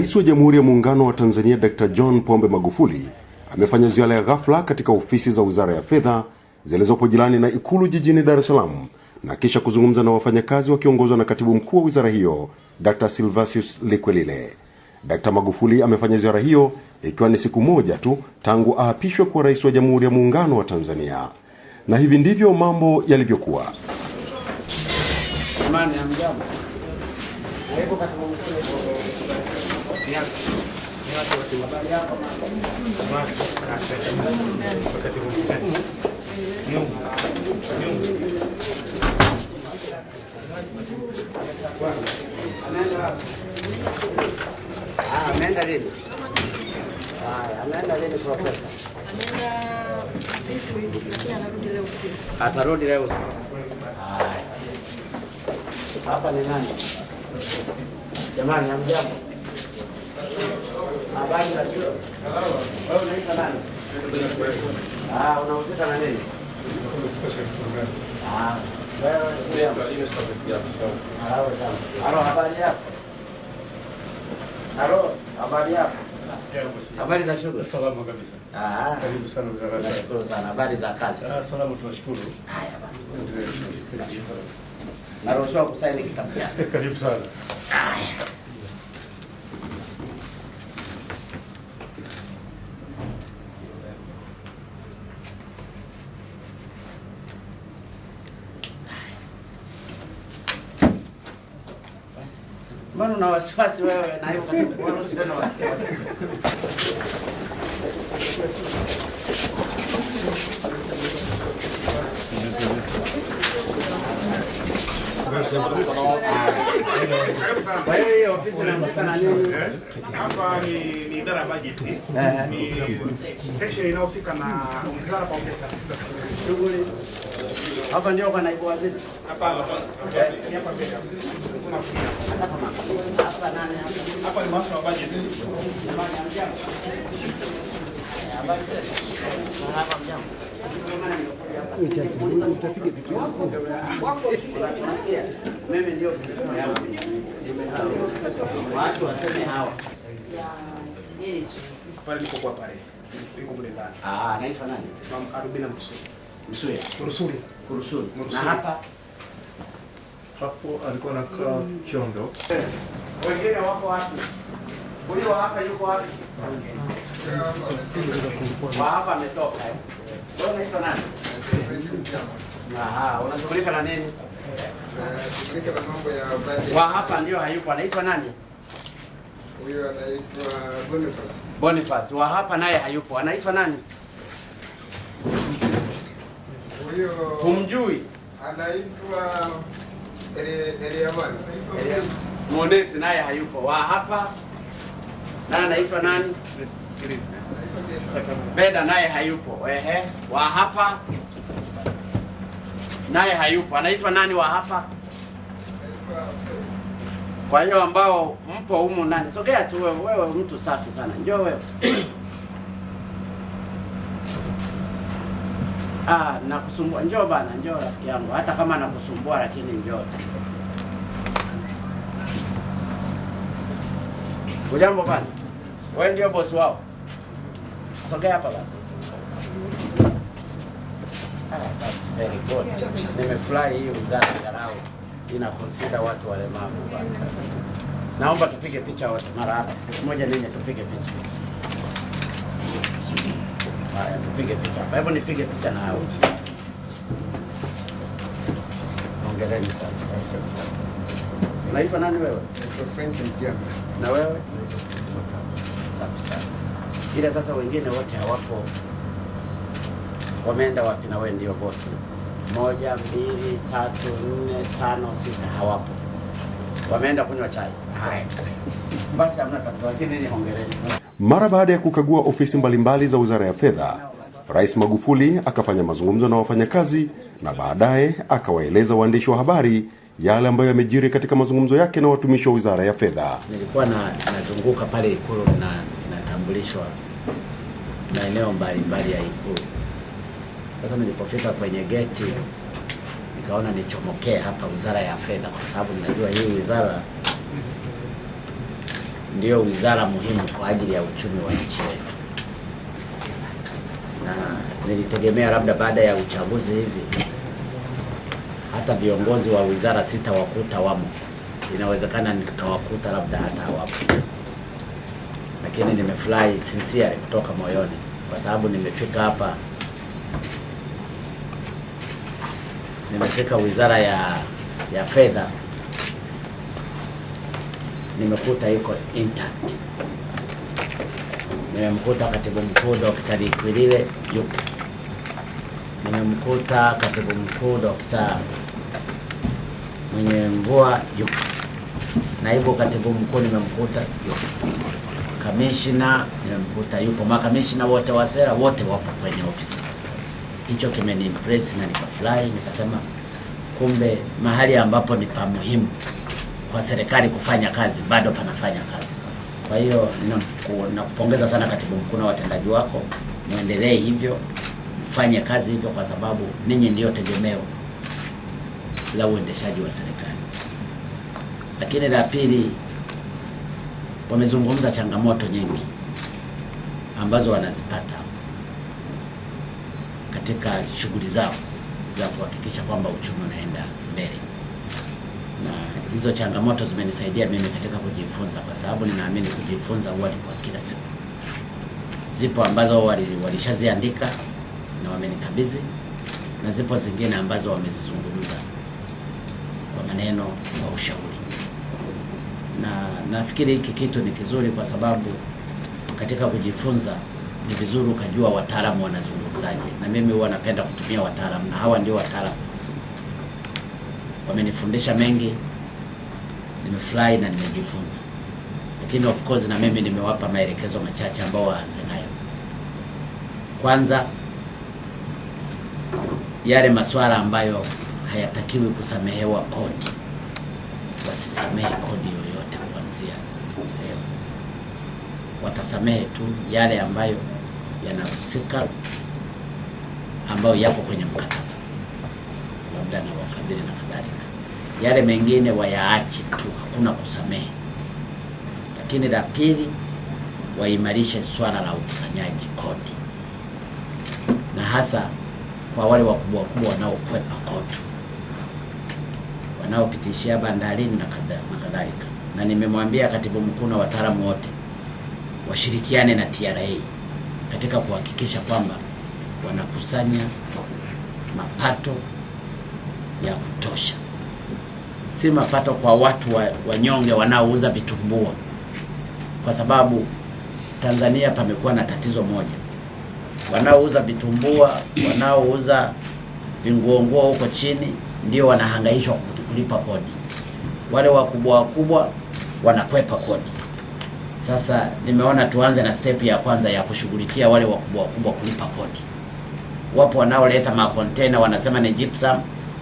Rais wa Jamhuri ya Muungano wa Tanzania Dr. John Pombe Magufuli amefanya ziara ya ghafla katika ofisi za Wizara ya Fedha zilizopo jirani na Ikulu jijini Dar es Salaam na kisha kuzungumza na wafanyakazi wakiongozwa na Katibu Mkuu wa Wizara hiyo Dr. Silvasius Likwelile. Dr. Magufuli amefanya ziara hiyo ikiwa ni siku moja tu tangu aapishwe kuwa Rais wa Jamhuri ya Muungano wa Tanzania. Na hivi ndivyo mambo yalivyokuwa. Ameenda lini? Ameenda lini profesa? Atarudi leo usiku. Hapa ni nani? Jamani, hamjambo? Habari za chuo. Wewe unaitwa nani? Ah, unahusika na nini? Ah, ah, habari yako? Halo, habari yako? Habari za shughuli? Salama kabisa. Ah, karibu sana mzee. Nashukuru sana. Habari za kazi? Ah, salama tunashukuru. Haya bana. Naruhusiwa kusaini kitabu chako. Karibu sana. Haya. Mbona una wasiwasi wewe na hiyo katika wewe usiwe na wasiwasi. Kwa hiyo ofisi nini? Hapa ni idara ya bajeti, eh. ni section inayohusika na wizara pamoja na taasisi za serikali. Hapa ndio kwa naibu waziri. Hapa hapa. Hapa mbele. Hapa nani hapa? Hapa ni masuala ya budget. Utapiga vitu wako, unasikia? Mimi ndio watu Ah, naitwa nani? Arubina Msuya. Kurusuli. Na hapa hapo alikuwa hmm. Kiondo. Wengine wako wapi? hapa yuko wapi? Wa hapa ametoka. Wewe unaitwa nani? Aha, unashughulika na nini? Wa hapa ndio hayupo, anaitwa nani? Huyo anaitwa Boniface. Boniface. Wa hapa naye hayupo, anaitwa nani? humjui anaitwa Mwonesi naye hayupo, wa hapa na anaitwa nani Beda naye hayupo. Ehe, wa hapa naye hayupo, anaitwa nani wa hapa? Kwa hiyo ambao mpo humu nani, sogea tu wewe, wewe mtu safi sana, njoo wewe Ah, nakusumbua. Njoo bana, njoo rafiki yangu. Hata kama nakusumbua lakini njoo. Ujambo bana. Wewe ndio boss wao. Sogea hapa basi. Ah, that's very good. Nimefurahi hii wizara angalau ina consider watu walemavu bana. Naomba tupige picha wote mara hapa. Moja ninyi tupige picha haya, nipige picha hapa. Hebu nipige picha na hao. Hongereni sana. Asante nani wewe? Frank Mtiama. Na wewe? Safi sana. Ila sasa wengine wote hawapo, wameenda wapi? Na wewe ndio bosi. Moja, mbili, tatu, nne, tano, sita hawapo, wameenda kunywa chai. Haya basi, hamna tatizo, lakini ni hongereni. Mara baada ya kukagua ofisi mbalimbali za Wizara ya Fedha, Rais Magufuli akafanya mazungumzo na wafanyakazi na baadaye akawaeleza waandishi wa habari yale ambayo yamejiri katika mazungumzo yake na watumishi wa Wizara ya Fedha. Nilikuwa na nazunguka pale Ikulu na natambulishwa maeneo mbalimbali ya Ikulu. Sasa nilipofika kwenye geti nikaona nichomokee hapa Wizara ya Fedha kwa sababu ninajua hii wizara ndiyo wizara muhimu kwa ajili ya uchumi wa nchi yetu, na nilitegemea labda baada ya uchaguzi hivi hata viongozi wa wizara sitawakuta wamo, inawezekana nikawakuta labda hata hawapo, lakini nimefurahi sincere kutoka moyoni kwa sababu nimefika hapa, nimefika wizara ya ya fedha nimekuta yuko intact. Nimemkuta katibu mkuu Dr. Likwilile yupo, nimemkuta katibu mkuu Dr. mwenye mvua yupo, naibu katibu mkuu nimemkuta yupo, kamishna nimemkuta yupo, makamishna wote wa sera wote wapo kwenye ofisi. Hicho kimeni impress na nikafurahi, nikasema kumbe mahali ambapo ni pa muhimu kwa serikali kufanya kazi, bado panafanya kazi. Kwa hiyo nakupongeza sana katibu mkuu na watendaji wako, muendelee hivyo, mfanye kazi hivyo, kwa sababu ninyi ndiyo tegemeo la uendeshaji wa serikali. Lakini la pili, wamezungumza changamoto nyingi ambazo wanazipata katika shughuli zao za kuhakikisha kwamba uchumi unaenda mbele hizo changamoto zimenisaidia mimi katika kujifunza, kwa sababu ninaamini kujifunza huwa kwa kila siku. Zipo ambazo walishaziandika wali na wamenikabidhi, na zipo zingine ambazo wamezizungumza kwa maneno, kwa ushauri, na nafikiri hiki kitu ni kizuri, kwa sababu katika kujifunza ni vizuri ukajua wataalamu wanazungumzaje, na mimi huwa napenda kutumia wataalamu, na hawa ndio wataalamu wamenifundisha mengi nimefurahi na nimejifunza, lakini of course na mimi nimewapa maelekezo machache ambao waanze nayo. Kwanza, yale masuala ambayo hayatakiwi kusamehewa kodi, wasisamehe kodi yoyote kuanzia leo. Watasamehe tu yale ambayo yanahusika, ambayo yapo kwenye mkataba, labda na wafadhili na kadhalika yale mengine wayaache tu, hakuna kusamehe. Lakini la pili, waimarishe swala la ukusanyaji kodi, na hasa kwa wale wakubwa wakubwa wanaokwepa kodi, wanaopitishia bandarini na kadhalika. Na nimemwambia katibu mkuu na wataalamu wote washirikiane na TRA katika kuhakikisha kwamba wanakusanya mapato ya kutosha si mapato kwa watu wa, wanyonge wanaouza vitumbua, kwa sababu Tanzania pamekuwa na tatizo moja, wanaouza vitumbua, wanaouza vinguonguo huko chini ndio wanahangaishwa kulipa kodi, wale wakubwa wakubwa wanakwepa kodi. Sasa nimeona tuanze na step ya kwanza ya kushughulikia wale wakubwa wakubwa kulipa kodi. Wapo wanaoleta makontena wanasema ni gypsum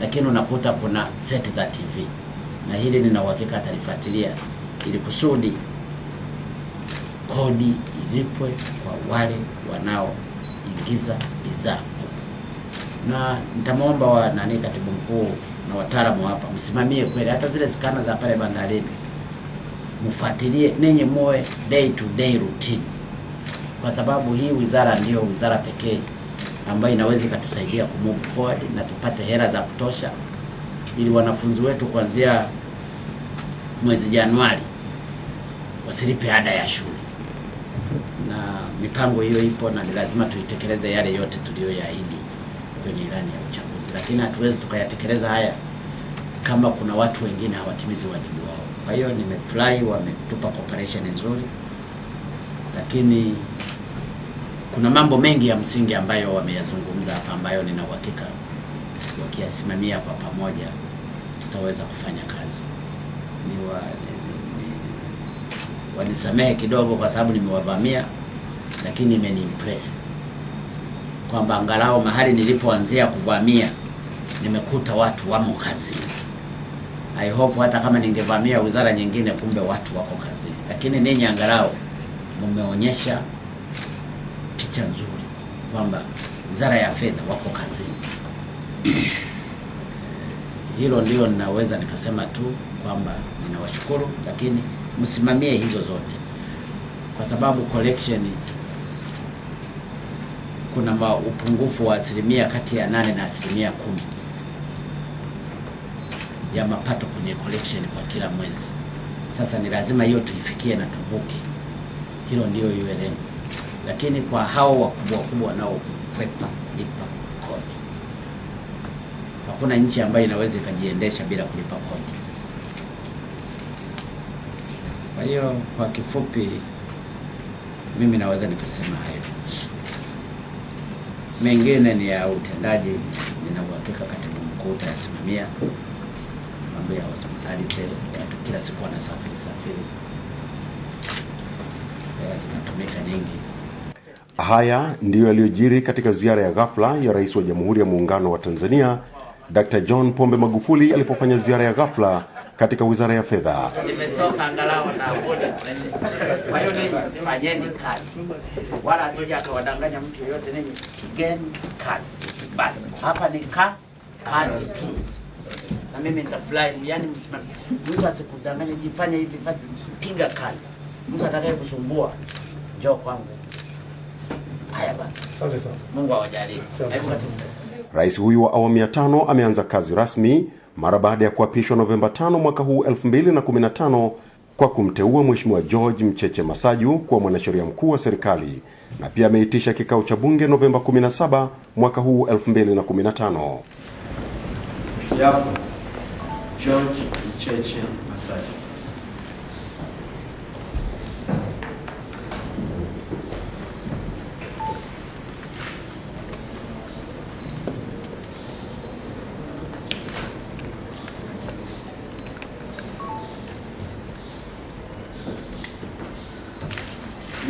lakini unakuta kuna seti za TV, na hili nina uhakika atalifuatilia ili kusudi kodi ilipwe kwa wale wanaoingiza bidhaa huku, na nitamwomba wa nani, katibu mkuu na wataalamu hapa msimamie kweli, hata zile zikana za pale bandarini mfuatilie, ninyi muwe day to day routine, kwa sababu hii wizara ndiyo wizara pekee ambayo inaweza ikatusaidia move forward na tupate hela za kutosha ili wanafunzi wetu kuanzia mwezi Januari wasilipe ada ya shule. Na mipango hiyo ipo na ni lazima tuitekeleze yale yote tuliyoyaahidi kwenye ilani ya uchaguzi, lakini hatuwezi tukayatekeleza haya kama kuna watu wengine hawatimizi wajibu wao. Kwa hiyo nimefurahi, wametupa cooperation nzuri, lakini kuna mambo mengi ya msingi ambayo wameyazungumza hapa ambayo nina uhakika wakiyasimamia kwa pamoja tutaweza kufanya kazi. Ni wa, wanisamehe kidogo kwa sababu nimewavamia, lakini imeniimpress kwamba angalau mahali nilipoanzia kuvamia nimekuta watu wamo kazini. I hope hata kama ningevamia wizara nyingine, kumbe watu wako kazini, lakini ninyi angalau mumeonyesha picha nzuri kwamba Wizara ya Fedha wako kazini. Eh, hilo ndio ninaweza nikasema tu kwamba ninawashukuru, lakini msimamie hizo zote, kwa sababu collection kuna upungufu wa asilimia kati ya nane na asilimia kumi ya mapato kwenye collection kwa kila mwezi. Sasa ni lazima hiyo tuifikie na tuvuke. Hilo ndio iwe lengo lakini kwa hao wakubwa wakubwa wanaokwepa kulipa kodi. Hakuna nchi ambayo inaweza ikajiendesha bila kulipa kodi. Kwa hiyo kwa kifupi, mimi naweza nikasema hayo. Mengine ni ya utendaji, nina uhakika katibu mkuu utayasimamia. Mambo ya hospitali, watu kila siku wanasafiri safiri, hela zinatumika nyingi. Haya ndiyo yaliyojiri katika ziara ya ghafla ya Rais wa Jamhuri ya Muungano wa Tanzania Dr. John Pombe Magufuli alipofanya ziara ya ghafla katika Wizara ya Fedha. Nimetoka angalau na kwa hiyo kazi, wala akawadanganya mtu yoyote, ninyi kazi basi. Hapa ni ka kazi tu, na mimi nitafurahi. Yani mtu asikudanganya, jifanye hivi, piga kazi. Mtu atakaye kusumbua njoo kwangu. Rais huyu wa awamu ya tano ameanza kazi rasmi mara baada ya kuapishwa Novemba 5 mwaka huu 2015 kwa kumteua Mheshimiwa George Mcheche Masaju kuwa mwanasheria mkuu wa serikali na pia ameitisha kikao cha bunge Novemba 17 mwaka huu 2015. Kiapo George Mcheche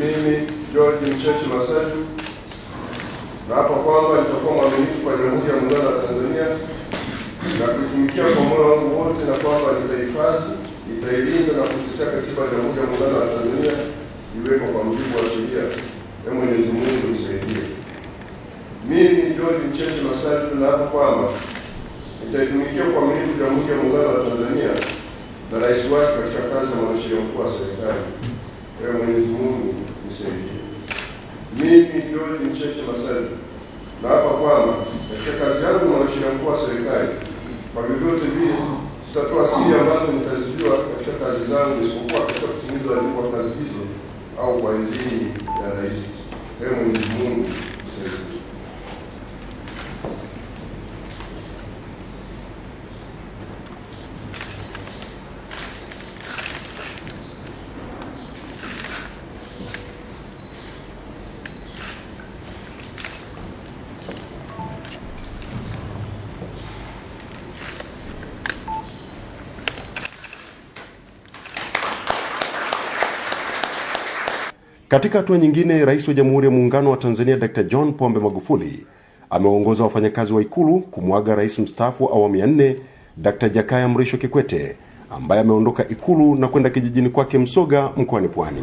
mimi George Mcheche Masaju naapa kwamba nitakuwa mwaminifu kwa Jamhuri ya Muungano wa Tanzania na kuitumikia kwa moyo wangu wote, na kwamba nitahifadhi, nitailinda na kutetea Katiba ya Jamhuri ya Muungano wa Tanzania iwekwa kwa mujibu wa sheria. Ee Mwenyezi Mungu nisaidie. Mimi George Mcheche Masaju naapa kwamba nitaitumikia kwa uaminifu Jamhuri ya Muungano wa Tanzania na rais wake katika kazi ya mwanasheria mkuu wa serikali. Ee Mwenyezi Mungu nisaidie. Mimi Dorothy Mcheche Masani na hapa kwamba katika kazi yangu mwanasheria mkuu wa serikali, kwa vyovyote vile sitatoa siri ambazo nitazijua katika kazi zangu, isipokuwa katika kutimiza wajibu wa kazi hizo au kwa idhini ya Rais. Ee Mwenyezi Mungu Katika hatua nyingine, Rais wa Jamhuri ya Muungano wa Tanzania Dr. John Pombe Magufuli amewaongoza wafanyakazi wa Ikulu kumwaga rais mstaafu wa awamu ya nne Dr. Jakaya Mrisho Kikwete ambaye ameondoka Ikulu na kwenda kijijini kwake Msoga mkoani Pwani.